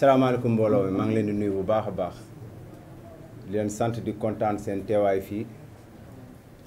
salaamaaleykum mbooloo mi maa ngi leen di nuyu bu baax a baax leen sant di kontaan seen teewaay fii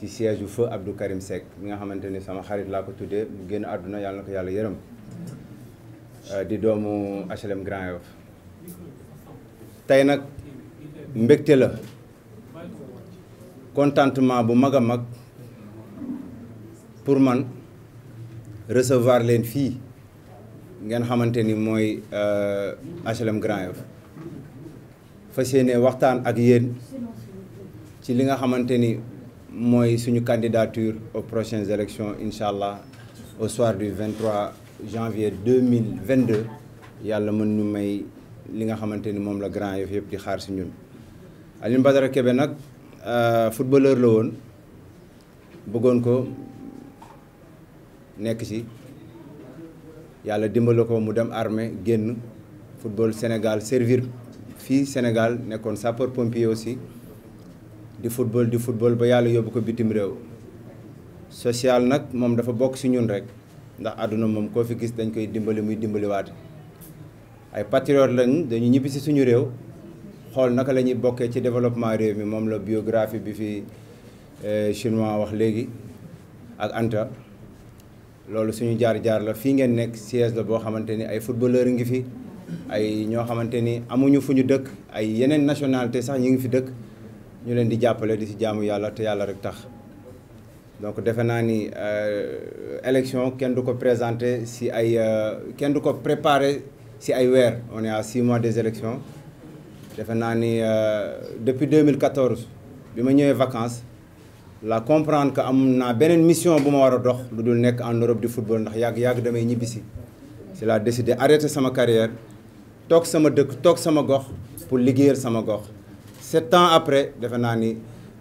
ci siège bu feu Abdou Karim Seck mi nga xamante ni sama xarit laa ko tuddee mu génn àdduna yàlla na ko yàlla yërëm euh, di doomu HLM Grand Yoff tey nag mbégte la contentement bu mag a mag pour man recevoir leen fii ngeen xamante ni mooy HLM euh, Grand Yoff fas yéene waxtaan ak yéen ci li nga xamante ni mooy suñu candidature aux prochaines élections incha allah au soir du 23 janvier 2022 yàlla mën ñu may. li nga xamante ni moom la Grand Yoff yëpp di xaar si ñun Alioune Badara Kébé nag euh, footballeur la woon bëggoon ko nekk ci yàlla dimbali ko mu dem armée génn football Sénégal servir fii Sénégal nekkoon sapeur pompier aussi di football di football ba yàlla yóbbu ko bitim réew social nag moom dafa bokk ci ñun rek ndax àdduna moom koo fi gis dañ koy dimbali muy dimbaliwaate ay patriotes lañ dañu ñibbi si suñu réew xool naka la ñuy bokkee ci développement réew mi moom la biographie bi fi euh, chinois wax léegi ak Anta loolu suñu jaar-jaar la fii ngeen nekk siège la boo xamante ni ay footballeurs ngi fi ay ñoo xamante ni amuñu fu ñu dëkk ay yeneen nationalité sax ñu ngi fi dëkk ñu leen di jàppale di si jaamu yàlla te yàlla rek tax donc defe naa ni euh, élection kenn du ko présenté si ay euh, kenn du ko préparé si ay weer on est à six mois des élections defe naa ni euh, depuis deux mille 2014 bi ma ñëwee vacance la comprendre que am naa beneen mission bu ma war a dox lu dul nekk en Europe du football ndax yàgg-yàgg damay ñibbisi si la décidé arrêter sama carrière toog sama dëkk toog sama gox pour liggéeyal sama gox sept ans après defe naa ni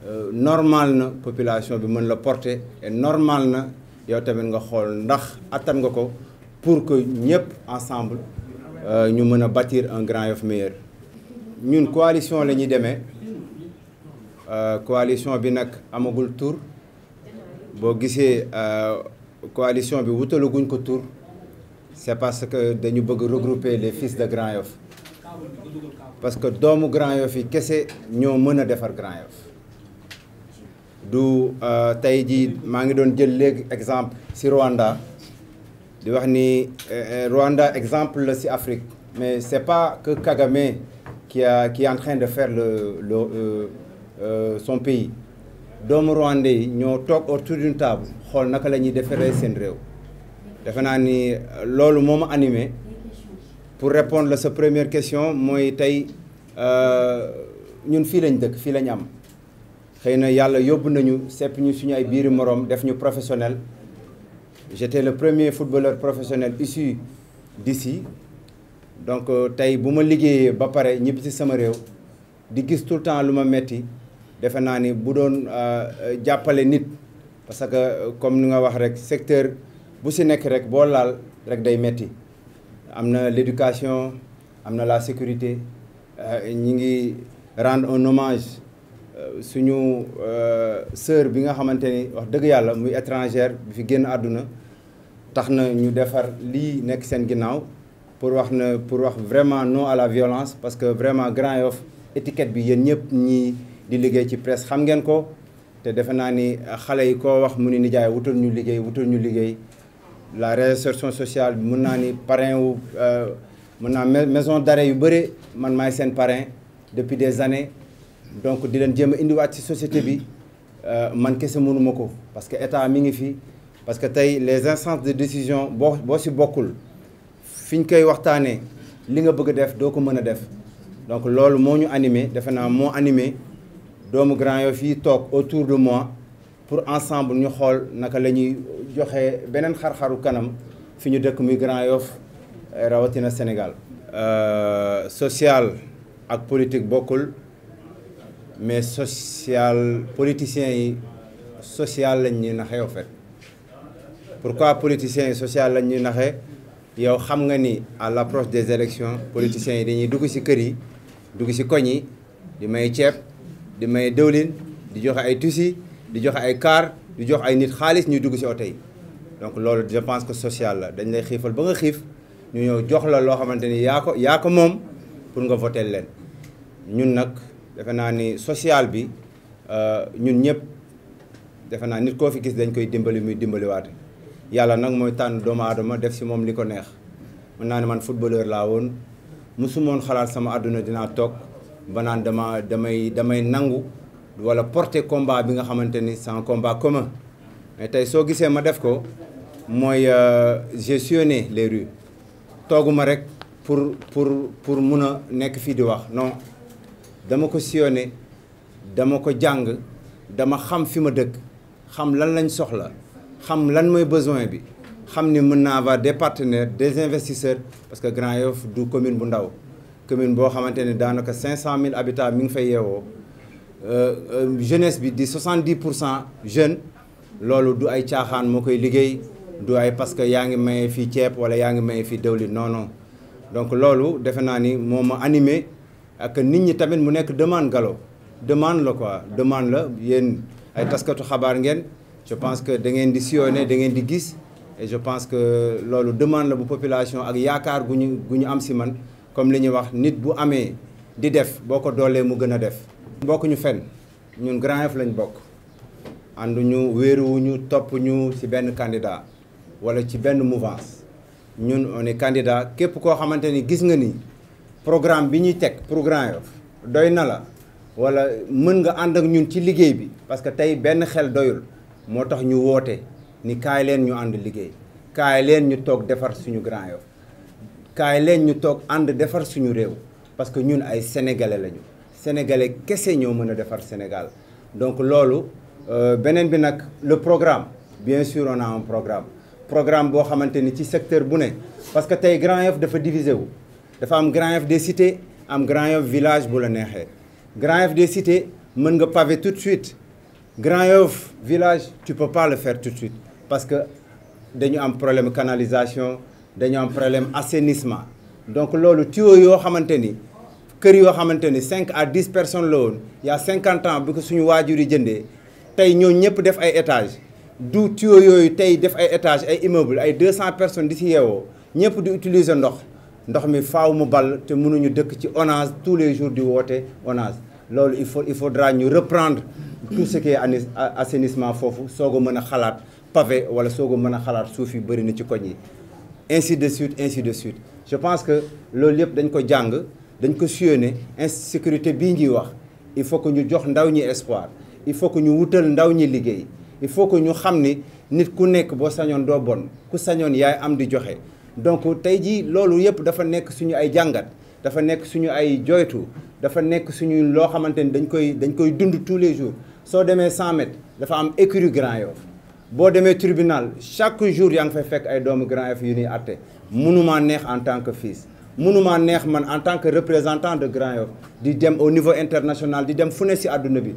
euh, normal na population bi mën la porter et normal na yow tamit nga xool ndax attan nga ko pour que ñëpp ensemble Euh, ñu mën a bâtir un Grand Yoff meilleur ñun coalition la ñuy demee euh, coalition bi nag amagul tur boo gisee euh, coalition bi wutalaguñ ko tur c'est parce que dañu bëgg regrouper les fils de Grand Yoff parce que doomu Grand Yoff yi kese ñoo mën a defar Grand Yoff du tey jii maa ngi doon jël léegi exemple si Rwanda di wax ni euh, euh, Rwanda exemple la si Afrique mais c'est pas que Kagame ki a qui est en de fair le le euh, euh, son pays doomu Rwandais yi ñoo toog autour d'une table xool naka la ñuy defaree seen réew. defe naa ni euh, loolu moom ma animé pour répondre la sa première question mooy tey ñun fii lañ dëkk fii lañu am xëy na yàlla yóbbu nañu sepp ñu suñu ay biir moroom def ñu professionnel. j'étais le premier footballeur professionnel issu d'ici donc euh, tey bu ma liggéeyee ba pare ñibbi ci sama réew di gis tout le temps lu ma metti defe naa ni bu doon euh, euh, jàppale nit parce que comme ni nga wax rek secteur bu si nekk rek boo laal rek day metti am na l'éducation am na la sécurité ñi ngi rendre un hommage suñu euh, sœur bi nga xamante ni wax dëgg yàlla muy étrangère bi fi génn àdduna tax na ñu defar lii nekk seen ginnaaw pour wax na pour wax vraiment non à la violence parce que vraiment Grand Yoff étiquette bi yéen ñëpp ñi di liggéey ci presse xam ngeen ko te defe naa ni xale yi ko wax mu ni nijaay wutul ñu liggéey wutul ñu liggéey la réinsertion sociale mun naa ni parrain wu euh, mun naa maison d'arrêt yu bëri man maay seen parrain depuis des années donc di leen jéem indiwaat ci société bi euh, man kese mënuma ko parce que état mi ngi fi parce que tey les instances de décision boo boo si bokkul fi ñu koy waxtaanee li nga bëgg a def doo ko mën a def donc loolu moo ñu animé defe naa moo animé doomu Grand Yoff yi toog autour de moi pour ensemble ñu xool naka la ñuy joxe beneen xar-xaru kanam fi ñu dëkk muy Grand Yoff rawatina Sénégal. Euh, social ak politique bokkul. mais social politiciens yi social lañ ñuy naxee en fait pourquoi politiciens yi lañ ñuy naxee yow xam nga ni à l'approche des élections politiciens yi dañuy dugg ci kër yi dugg ci koñ yi di may ceeb di may dëwlin di joxe ay tusi di joxe ay kaar di jox ay nit xaalis ñuy dugg ci oto donc loolu je pense que social la dañ lay xiifal ba nga xiif ñu ñëw jox la loo xamante ni yaa ko yaa ko moom pour nga voter leen ñun nag. defe naa ni sociale bi euh, ñun ñëpp defe naa nit koo fi gis dañ koy dimbali muy dimbaliwaate yàlla nag mooy tànn doomu aadama def si moom li ko neex mën naa ne man footballeur laa woon musumoon xalaat sama àdduna dinaa toog ba naan damay damay nangu wala porté combat bi nga xamante ni c'est un combat mais tey soo gisee ma def ko mooy euh, gestionner les rues tooguma rek pour pour pour mun a nekk fii di wax non dama ko sillonné dama ko jàng dama xam fi ma dëkk xam lan lañ soxla xam lan mooy besoin bi xam ni mun naa avoir de partenaire des investisseurs parce que Grand Yoff du commune bu ndaw commune boo xamante ni daanaka 500000 habitants mi ngi fay yeewoo euh, euh, jeunesse bi di 70 pour cent jeunes loolu du ay caaxaan moo koy liggéey du ay parce que yaa ngi maye fii ceeb wala yaa ngi maye fii dëwlin non non donc loolu defe naa ni moo ma animé. ak nit ñi tamit mu nekk demande Gallo demande la quoi demande la yéen ay taskatu xabaar ngeen je pense que da ngeen di sillonné da ngeen di gis et je pense que loolu demande la bu population ak yaakaar gu ñu gu ñu am si man comme li ñuy wax nit bu amee di def boo ko doolee mu gën a def bokk ñu fenn ñun Grand Yoff lañ bokk ànd ñu wéeruwuñu topp ci benn candidat wala ci benn mouvance ñun on est képp koo xamante ni gis nga ni programme bi ñuy teg programme Yoff doy na la wala mën nga ànd ak ñun ci liggéey bi parce que tey benn xel doyul moo tax ñu woote ni kaay leen ñu ànd liggéey kaay leen ñu toog defar suñu Grand Yoff kaay leen ñu toog ànd defar suñu réew parce que ñun ay sénégalais lañu sénégalais kese ñoo mën a defar Sénégal donc loolu euh, beneen bi nag le programme bien sûr on a programme programme boo xamante ni ci secteur bu ne parce que tey Grand Yoff dafa divisé wu. dafa am Grand Yoff des Cités am Grand Yoff village bu la neexee Grand Yoff des Cités mën nga pavé tout de suite Grand Yoff village tu peux pas le faire tout de suite parce que dañu am problème canalisation dañu am problème assainissement donc loolu tuyau yoo xamante ni kër yoo xamante ni cinq à dix personnes la woon y a cinquante ans bi ko suñu waajur yi jëndee tey ñoo ñëpp def ay étages du tuyau yooyu tey def ay étages ay immeubles ay deux cent personnes di si yeewoo ñëpp du utiliser ndox ndox mi faaw mu ball te mënuñu dëkk ci ONAS tous les jours di woote ONAS loolu il faut il faudra ñu reprendre tout ce qui est assainissement foofu soog a mën a xalaat pavé wala soog a mën a xalaat suuf yi bëri na ci koñ yi ainsi de suite ainsi de suite je pense que loolu yëpp dañ ko jàng dañ ko sillonné insécurité bii ñuy wax il faut que ñu jox ndaw ñi espoir il faut que ñu wutal ndaw ñi liggéey il faut que ñu xam ni nit ku nekk boo sañoon doo bon ku sañoon yaay am di joxe donc tey jii loolu yëpp dafa nekk suñu ay jàngat dafa nekk suñu ay joytu dafa nekk suñu loo xamante ni dañ koy dañ koy dund tous les jours soo demee 100 mètres dafa am écurie Grand Yoff boo demee tribunal chaque jour yaa ngi fay fekk ay doomu Grand Yoff yu ñuy àtte mënumaa neex en tant que fils mënumaa neex man en tant que représentant de Grand Yoff di dem au niveau international di dem fu ne si àdduna bi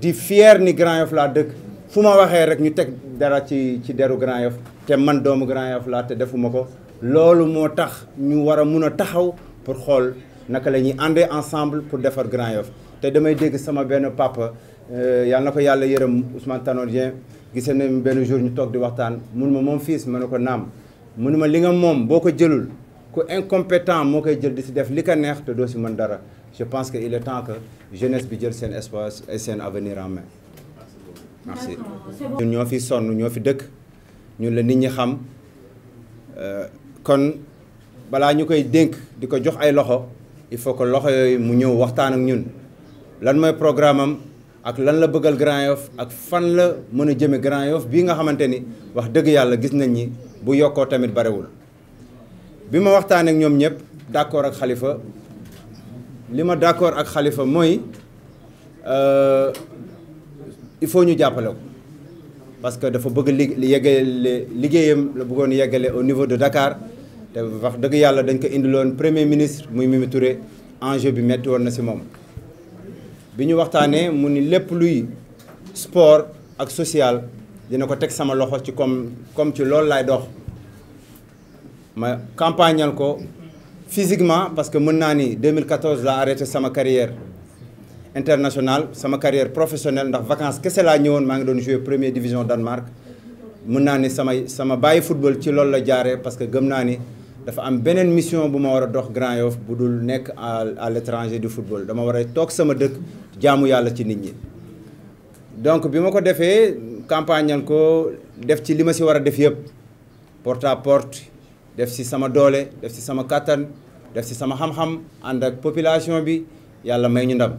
di fier ni Grand Yoff laa dëkk fu ma waxee rek ñu teg dara ci ci deru Grand Yoff te man doomu Grand Yoff laa te defuma ko loolu moo tax ñu war a mun a taxaw pour xool naka la ñuy àndee ensemble pour defar Grand Yoff te damay dégg sama benn papa euh, yàlla na ko yàlla yërëm Ousmane Tanor Dieng gisee na benn jour ñu toog di waxtaan mun ma moom fii ma ne ko naam mun ma li nga moom boo ko jëlul ku incompétent moo koy jël di si def li ko neex te doo si mën dara je pense que il est temps que jeunesse bi jël seen espace et seen avenir merci ñun ñoo fi sonn ñoo fi dëkk ñun la nit ñi xam euh, kon balaa ñu koy dénk di ko jox ay loxo il faut que loxo yooyu mu ñëw waxtaan ak ñun lan mooy programme am ak lan la bëggal Grand Yoff ak fan la mën a jëme Grand Yoff bii nga xamante ni wax dëgg yàlla gis nañ ñi bu yokkoo tamit barewul bi ma waxtaan ak ñoom ñëpp d'accord ak xalifa li ma d'accord ak xalifa mooy euh, il faut ñu jàppale ko parce que dafa bëgg li yeggale liggéeyam la bëggoon yeggale au niveau de Dakar te wax dëgg yàlla dañ ko indiloon premier ministre muy Mimi Touré bi metti woon na si moom. bi ñu waxtaanee mu ni lépp luy sport ak social dina ko teg sama loxo ci comme comme ci loolu laay dox ma campagnal ko physiquement parce que mën naa ni 2014 laa arrêté sama carrière international sama carrière professionnelle ndax vacances kese laa ñëwoon maa ngi doon jouer première division Danemark mun naa ni samay sama bàyyi football ci loolu la jaare parce que gëm naa ni dafa am beneen mission bu ma war a dox Grand Yoff bu dul nekk à l'étranger du football dama war a toog sama dëkk jaamu yàlla ci nit ñi. donc bi ma ko defee campagne ko def ci li ma si war a def yëpp porte à porte def si sama doole def si sama kattan def si sama xam ànd ak population bi yàlla may ñu ndam.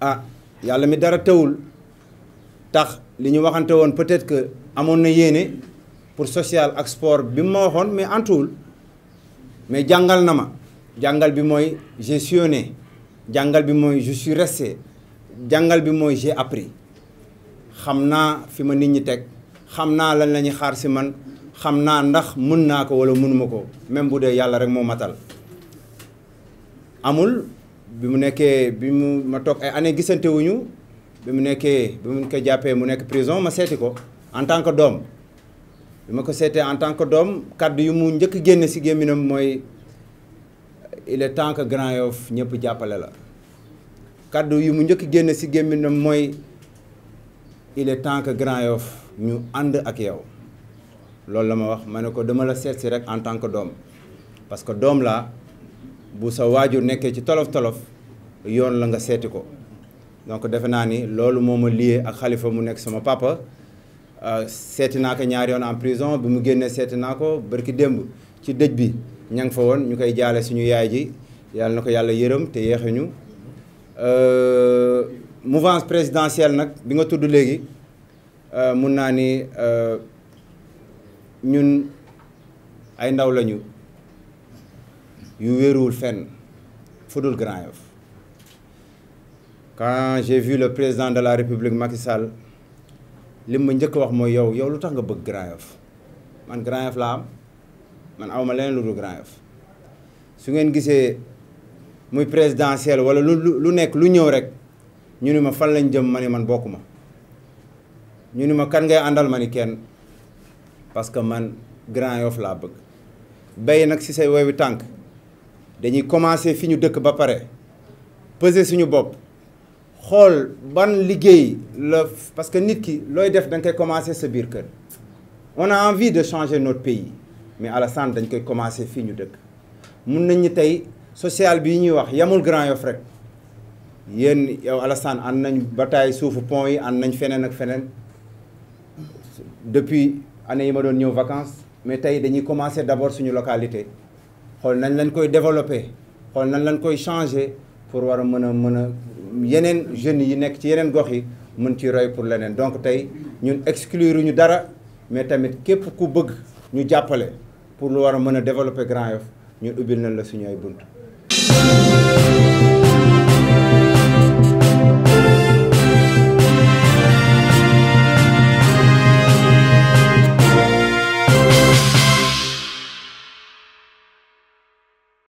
ah yàlla mi dara tawul tax li ñu waxante woon peut-être que amoon na yéene pour social ak sport bi mu ma waxoon mais antuwul mais jàngal na ma jàngal bi mooy j'ai jàngal bi mooy je suis jàngal bi mooy j'ai apris xam naa fi ma nit ñi teg xam naa la nañu xaar si man xam naa ndax mun naa ko wala mënuma ko même bu dee yàlla rek moo matal amul bi mu nekkee bi mu ma toog ay année gisante wuñu bi mu nekkee bi mu ko jàppee mu nekk prison ma seeti ko en tant que doom bi ma ko seetee en tant que doom kàddu yu mu njëkk génn si gémminam mooy il est temps que Grand Yoff ñëpp jàppale la kàddu yu mu njëkk génne si gémminam mooy il est que Grand Yoff ñu ànd ak yow loolu la ma wax ma ne ko dama la seet si rek en tant que doom parce doom laa bu sa waajur nekkee ci tolof tolof yoon la nga seeti ko donc defe naa ni loolu moo a lié ak xalifa mu nekk sama papa euh, seeti naa ko ñaari yoon en prison bi mu génnee seeti naa ko barki démb ci dëj bi ña nga fa woon ñu koy jaale suñu yaay ji yàlla na ko yàlla yërëm te yeexe ñu euh, mouvance présidentielle nag bi nga tudd léegi euh, mun naa ni ñun ay ndaw lañu yu wéeruwul fenn fudul Grand Yoff quand j'ai vu président de la République Macky Sall li ma njëkk wax mooy yow yow lu tax nga bëgg Grand Yoff man Grand Yoff laa am man awma leneen lu dul Grand Yoff su ngeen gisee muy présidentiel wala lu lu nekk lu ñëw rek ñu ni ma fan lañ jëm ma ni man bokk ma ñu ni ma kan ngay àndal ma ni kenn parce que man Grand Yoff laa bëgg béy nag ci sa woyu tànk dañuy commencer fi ñu dëkk ba pare peser suñu bopp xool ban liggéey la parce que nit ki looy def da nga koy commencer sa biir kër on a envie de changer notre pays mais Alassane dañ koy commencer fii ñu dëkk mun nañ ñu tey social bi ñuy wax yamul Grand Yoff rek yéen yow Alassane ànd nañ bataay suufu pont yi ànd nañ feneen ak feneen depuis année yi ma doon ñëw vacance mais tey dañuy commencer d'abord suñu localité xool nañ lañ koy développer xool nañ lañ koy changer pour war a mën a mën a yeneen jeunes yi nekk ci yeneen gox yi mën ci roy pour leneen donc tey ñun exclure ñu dara mais tamit képp ku bëgg ñu jàppale pour lu war a mën a développer Grand Yoff ñun ubbil nañ la suñu ay bunt